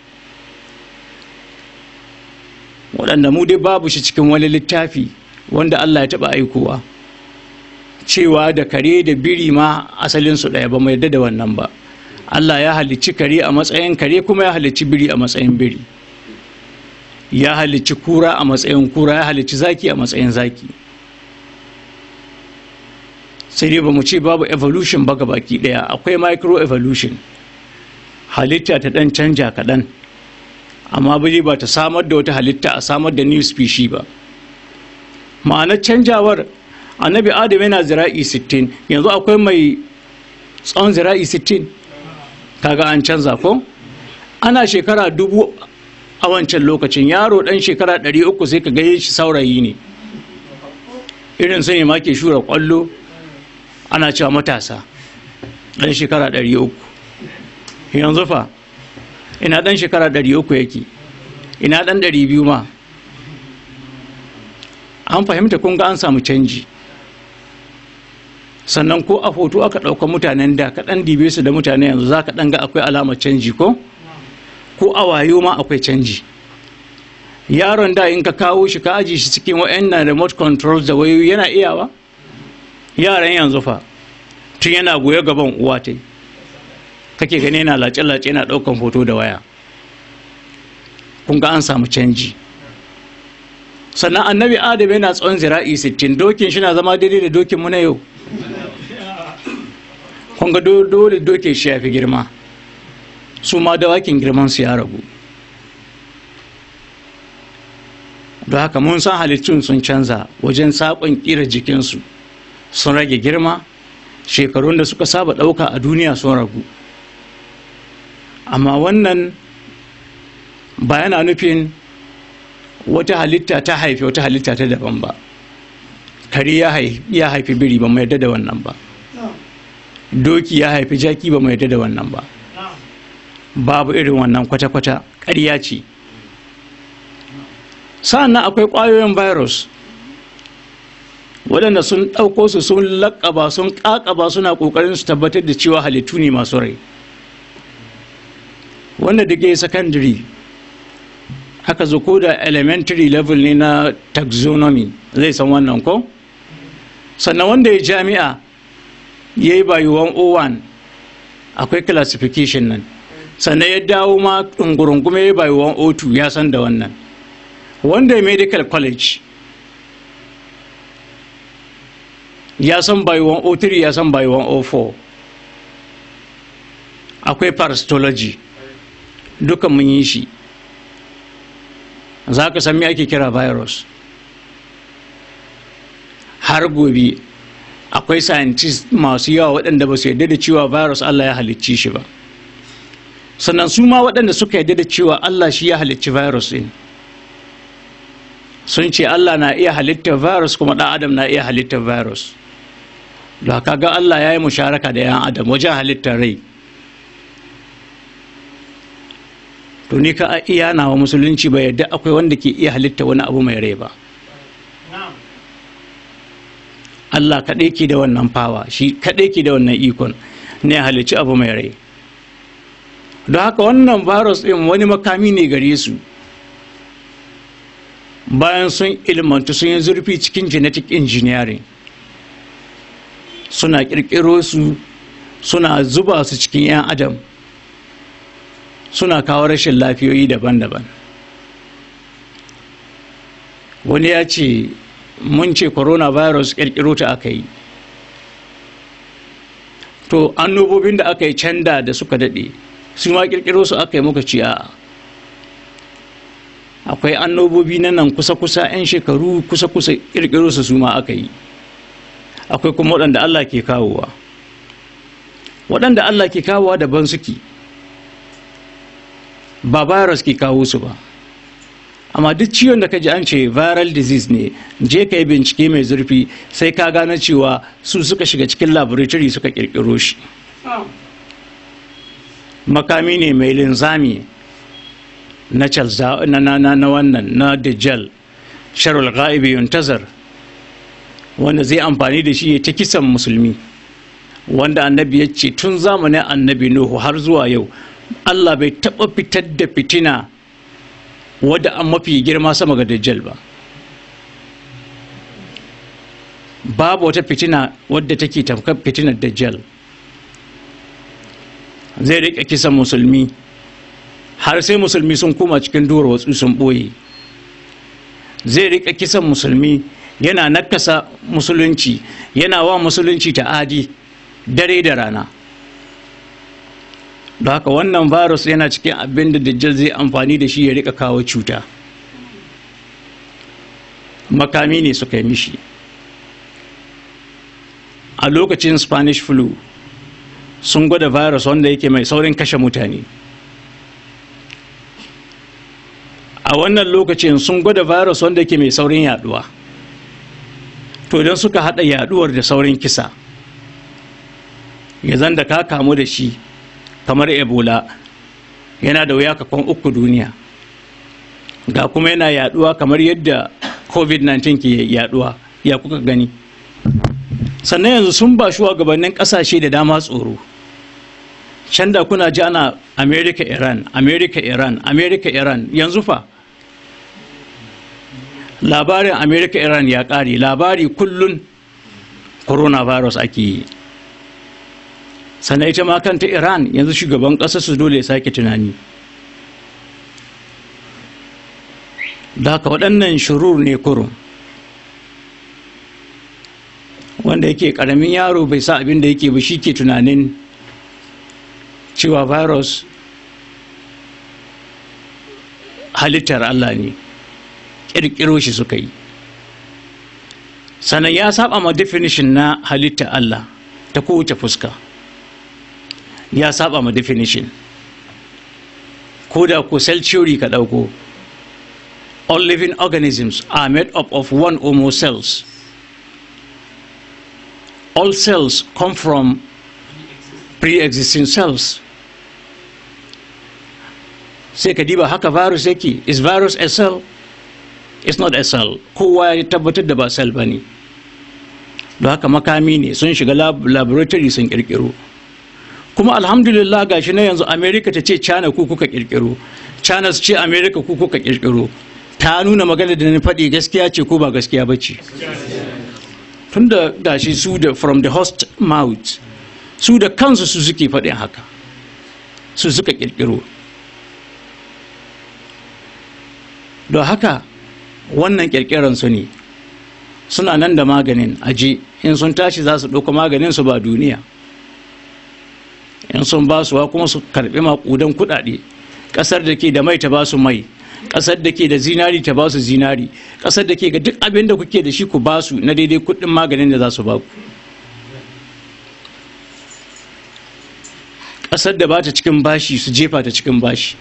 waɗanda mu dai babu shi cikin wani littafi wanda Allah ya taɓa aikowa cewa da kare da biri ma asalinsu ɗaya ba mai da wannan ba allah ya halicci kare a matsayin kare kuma ya halicci biri a matsayin biri ya halicci kura a matsayin kura ya halicci zaki a matsayin zaki sai dai ba mu ce babu evolution ba baki ɗaya akwai micro evolution halitta ta ɗan canja kaɗan amma bai ba ta samar da wata halitta a samar da new species ba ma'anar canjawar annabi adam yana zira'i 60 yanzu akwai mai tsawon zira'i 60 kaga an canza ko ana shekara dubu a wancan lokacin yaro dan shekara 300 sai ka gaye shi saurayi ne irin sai ma ke shura kwallo ana cewa matasa dan shekara 300 yanzu fa ina dan shekara 300 yake ina dan 200 ma an fahimta kun ga an samu canji sannan ko a hoto aka ɗauka mutanen da kaɗan dibe su da mutane yanzu za ka ɗan ga akwai alamar canji ko ko a wayo ma akwai canji yaron da in ka kawo shi ka aji shi cikin wa'annan remote control da wayoyi yana iyawa yaran yanzu fa tun yana goye gaban uwa ta kake gani yana lace-lace yana ɗaukan hoto da waya kun ga an samu canji sannan annabi adam yana tsawon zira'i sittin dokin shi na zama daidai da dokin mu na yau kun dole doke shi ya fi girma su ma dawakin girman su ya ragu Da haka mun san halittun sun canza wajen saƙon ƙira jikinsu sun rage girma shekarun da suka saba ɗauka a duniya sun ragu amma wannan ba yana nufin wata halitta ta haifi wata halitta ta daban ba kare ya haifi biri ba mai yarda da wannan ba doki ya haifi jaki ba mai yarda da wannan ba babu irin wannan kwata-kwata ƙarya ce sa'annan akwai ƙwayoyin virus waɗanda sun ɗauko su sun laƙaba sun ƙaƙaba suna ƙoƙarin su tabbatar da cewa halittu ne masu rai wanda duk ya secondary haka zo ko da elementary level ne na taxonomy zai san wannan ko sannan wanda ya jami'a ya yi bayi 101 akwai classification nan sannan ya dawo ma kuma ya yi bayi 102 ya san da wannan wanda ya medical college ya san bayi 103 ya san bayi 104 akwai parastology duka mun yi shi za ka san me ake kira virus har gobe akwai scientist masu yawa waɗanda ba su yarda da cewa virus Allah ya halicci shi ba sannan su ma waɗanda suka yarda da cewa Allah shi ya halicci virus ɗin sun ce Allah na iya halittar virus kuma ɗan adam na iya halitta virus da ga Allah ya yi musharaka da yan adam wajen halittar rai to ni ka iya nawa musulunci bai yadda akwai wanda ke iya halitta wani abu mai rai ba Allah kaɗai ke da wannan fawa shi kaɗai ke da wannan ikon ne halicci abu mai rai don haka wannan virus ɗin wani makami ne gare su bayan sun ilmantu sun yi zurfi cikin genetic engineering suna ƙirƙiro su suna zuba su cikin 'yan adam suna kawo rashin lafiyoyi daban-daban wani ya ce mun ce coronavirus kirkiro ta aka yi to annobobin da aka yi canda da suka daɗe su ma kirkiro su aka yi muka ci a akwai annobobi na nan kusa-kusa 'yan shekaru kusa-kusa kirkiro su su ma aka yi akwai kuma waɗanda allah ke kawowa waɗanda allah ke kawowa daban suke ba virus ke kawo su ba amma duk ciwon da ka ji an ce viral disease ne je ka yi bincike mai zurfi sai ka gane cewa su suka shiga cikin laboratory suka kirkiro shi makami ne mai linzami na wannan na dajjal sharul ga'ibi yuntazar wanda zai amfani da shi ya ta kisan musulmi wanda annabi ya ce tun zamanin annabi nuhu har zuwa yau allah bai taɓa fitar da fitina wadda an mafi girma sama ga dajjal ba babu wata fitina wadda take tafkar fitinar dajjal zai rike kisan musulmi har sai musulmi sun koma cikin duwar watsu sun ɓoye zai rike kisan musulmi yana nakasa musulunci yana wa musulunci ta'adi dare da rana da haka wannan virus yana cikin abin da dajjal zai amfani da shi ya rika kawo cuta makami ne suka yi mishi a lokacin spanish flu sun gwada virus wanda yake mai saurin kashe mutane a wannan lokacin sun gwada virus wanda yake mai saurin yaduwa to don suka hada yaduwar da saurin kisa ya zan da ka kamu da shi kamar ebola yana da wuya kafan uku duniya ga kuma yana yaduwa kamar yadda covid-19 ke yaduwa ya kuka gani sannan yanzu sun ba gabanin kasashe da dama tsoro can da kuna ji ana america iran america iran america iran yanzu fa labarin america iran ya kare labari kullun coronavirus ake yi sannan ita ma kanta iran yanzu shugaban ƙasar su dole ya sake tunani da haka waɗannan shirur ne kurum. wanda yake ƙaramin yaro bai sa abin da yake ba shi ke tunanin cewa virus halittar allah ne ƙirƙiro shi suka yi sannan ya saba ma definition na halittar allah ta kowace fuska ya saba ma definition ko da ko cell theory ka ɗauko all living organisms are made up of one or more cells all cells come from pre-existing cells sai ka diba haka virus yake is virus a cell it's not a cell kowa ya tabbatar da ba cell ba ne don haka makami ne sun shiga laboratory sun kirkiro kuma alhamdulillah gashi na yanzu Amerika ta ce china ku kuka kirkiro china su ce america ku kuka kirkiro ta nuna magana da na faɗi gaskiya ce ko ba gaskiya ba ce tunda gashi su da from the host mouth su da kansu su suke faɗin haka su suka kirkiro don haka wannan su ne suna nan da maganin aji in sun tashi za su ɗauka maganin su ba duniya in sun ba su kuma su karbi makudan kuɗaɗe kasar da ke da mai ta ba su mai ƙasar da ke da zinari ta ba su zinari ƙasar da ke ga duk abin da kuke da shi ku ba su na daidai kuɗin maganin da za su ba ku ƙasar da ba ta cikin bashi su jefa ta cikin bashi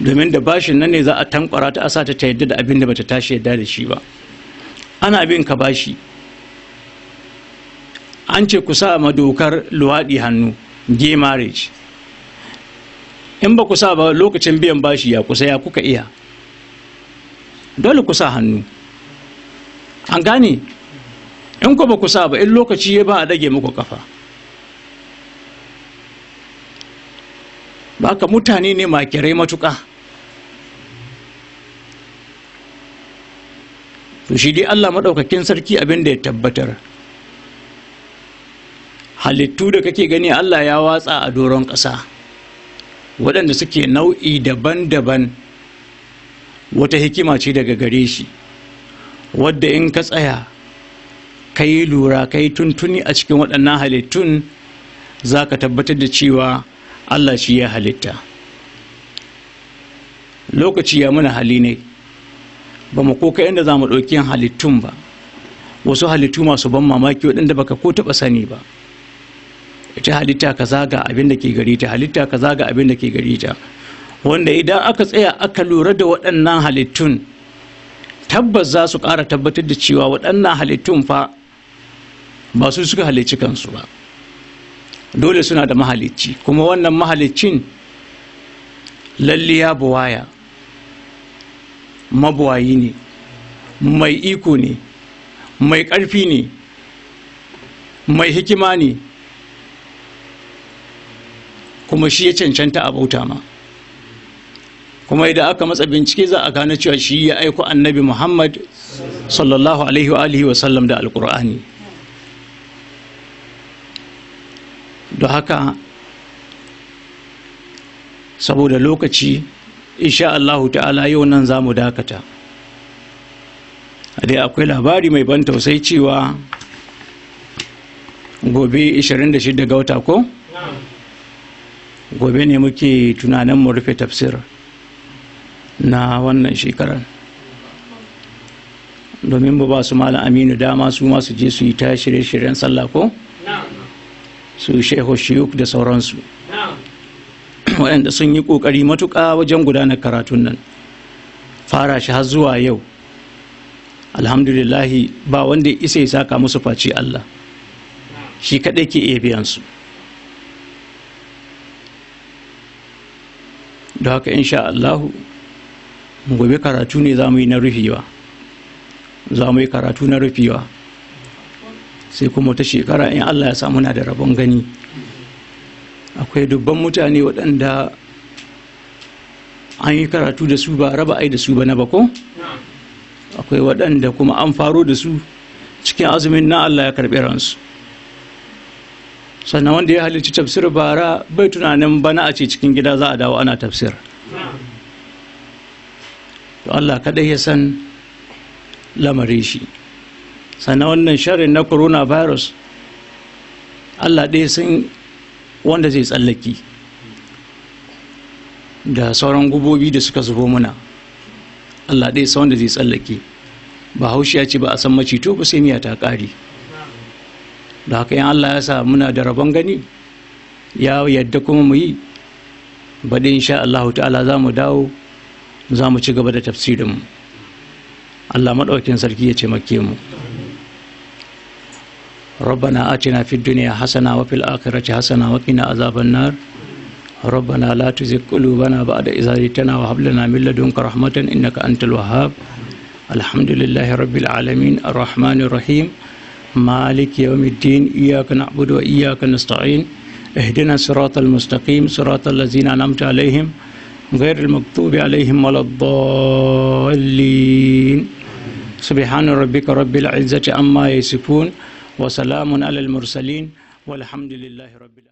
domin da bashin nan ne za a tankwara ta asa ta yadda da abin da bata tashi yadda da shi ba ana bin ka bashi an ce ku sa ma dokar luwaɗi hannu gay marriage in ba ku sa ba lokacin biyan bashi ya kusa ya kuka iya dole ku sa hannu an gane in ku ba ku sa ba in lokaci ya ba a dage muku kafa ba ka mutane ne makirai matuƙa to shi dai Allah maɗaukakin sarki abin da ya tabbatar halittu da kake gani Allah ya watsa a doron ƙasa waɗanda suke nau'i daban-daban wata hikima ce daga gare shi wadda in ka tsaya ka yi lura ka yi tuntuni a cikin waɗannan halittun za ka tabbatar da cewa Allah shi ya halitta lokaci ya muna hali ne ba mu ko inda za mu ɗauki halittun ba wasu halittu masu ban mamaki waɗanda baka ko taɓa sani ba ita halitta kaza ga abin da ke gari ta halitta kaza ga abin da ke gari ta wanda idan aka tsaya aka lura da waɗannan halittun tabbas za su ƙara tabbatar da cewa waɗannan halittun fa ba su suka halicci kansu ba dole suna da mahalicci kuma wannan mahaliccin lalliya buwaya mabuwayi ne mai iko ne mai ƙarfi ne mai hikima ne kuma shi ya cancanta a bauta ma kuma idan aka matsa bincike za a gane cewa shi ya aiko annabi muhammad sallallahu alaihi wa alihi wasallam da alkur'ani Da haka saboda lokaci insha allahu ta'ala yau nan za mu dakata dai akwai labari mai ban tausai cewa gobe 26 ga wata ko? gobe ne muke tunanin mu rufe tafsir na wannan shekarar domin ba su malam aminu dama su masu je su yi ta shirye-shiryen sallah ko su shehu shiuk da sauransu waɗanda sun yi ƙoƙari matuƙa wajen gudanar karatun nan fara shi har zuwa yau alhamdulillahi ba wanda isa ya saka musu face allah shi kaɗai ke iya biyan da haka insha Allahu gobe karatu ne za mu yi na rufewa za mu yi karatu na rufewa sai kuma ta shekara in Allah ya samu na da rabon gani akwai dubban mutane waɗanda an yi karatu da su ba raba ai da su ba na bako akwai waɗanda kuma an faro da su cikin azumin na Allah ya karɓi ransu sannan wanda ya halarci tafsir bara bai tunanin bana a ce cikin gida za a dawo ana tafsir to Allah kaɗai ya san lamarin shi sannan wannan sharin na coronavirus Allah ɗaya san wanda zai tsallaki da sauran gubobi da suka zubo muna Allah ɗaya san wanda zai tsallake ba haushi ya ce ba a san macito ba sai miya ta ƙari da haka in Allah ya sa muna da rabon gani ya yadda kuma muyi baɗi in sha Allah ta'ala zamu za dawo za ci gaba da tafsirinmu Allah maɗaukin sarki ya ce make mu rabana a ce na fi duniya hasana wa fil akira ce hasana wa kina azaban nar rabana lati zai kulu bana ba da izari tana wa hablana mila dunka rahmatan inaka antal wahab haɓ alhamdulillahi rabbil alamin ar-rahmanir rahim مالك يوم الدين إياك نعبد وإياك نستعين اهدنا الصراط المستقيم صراط الذين أنعمت عليهم غير المكتوب عليهم ولا الضالين سبحان ربك رب العزة عما يصفون وسلام على المرسلين والحمد لله رب العالمين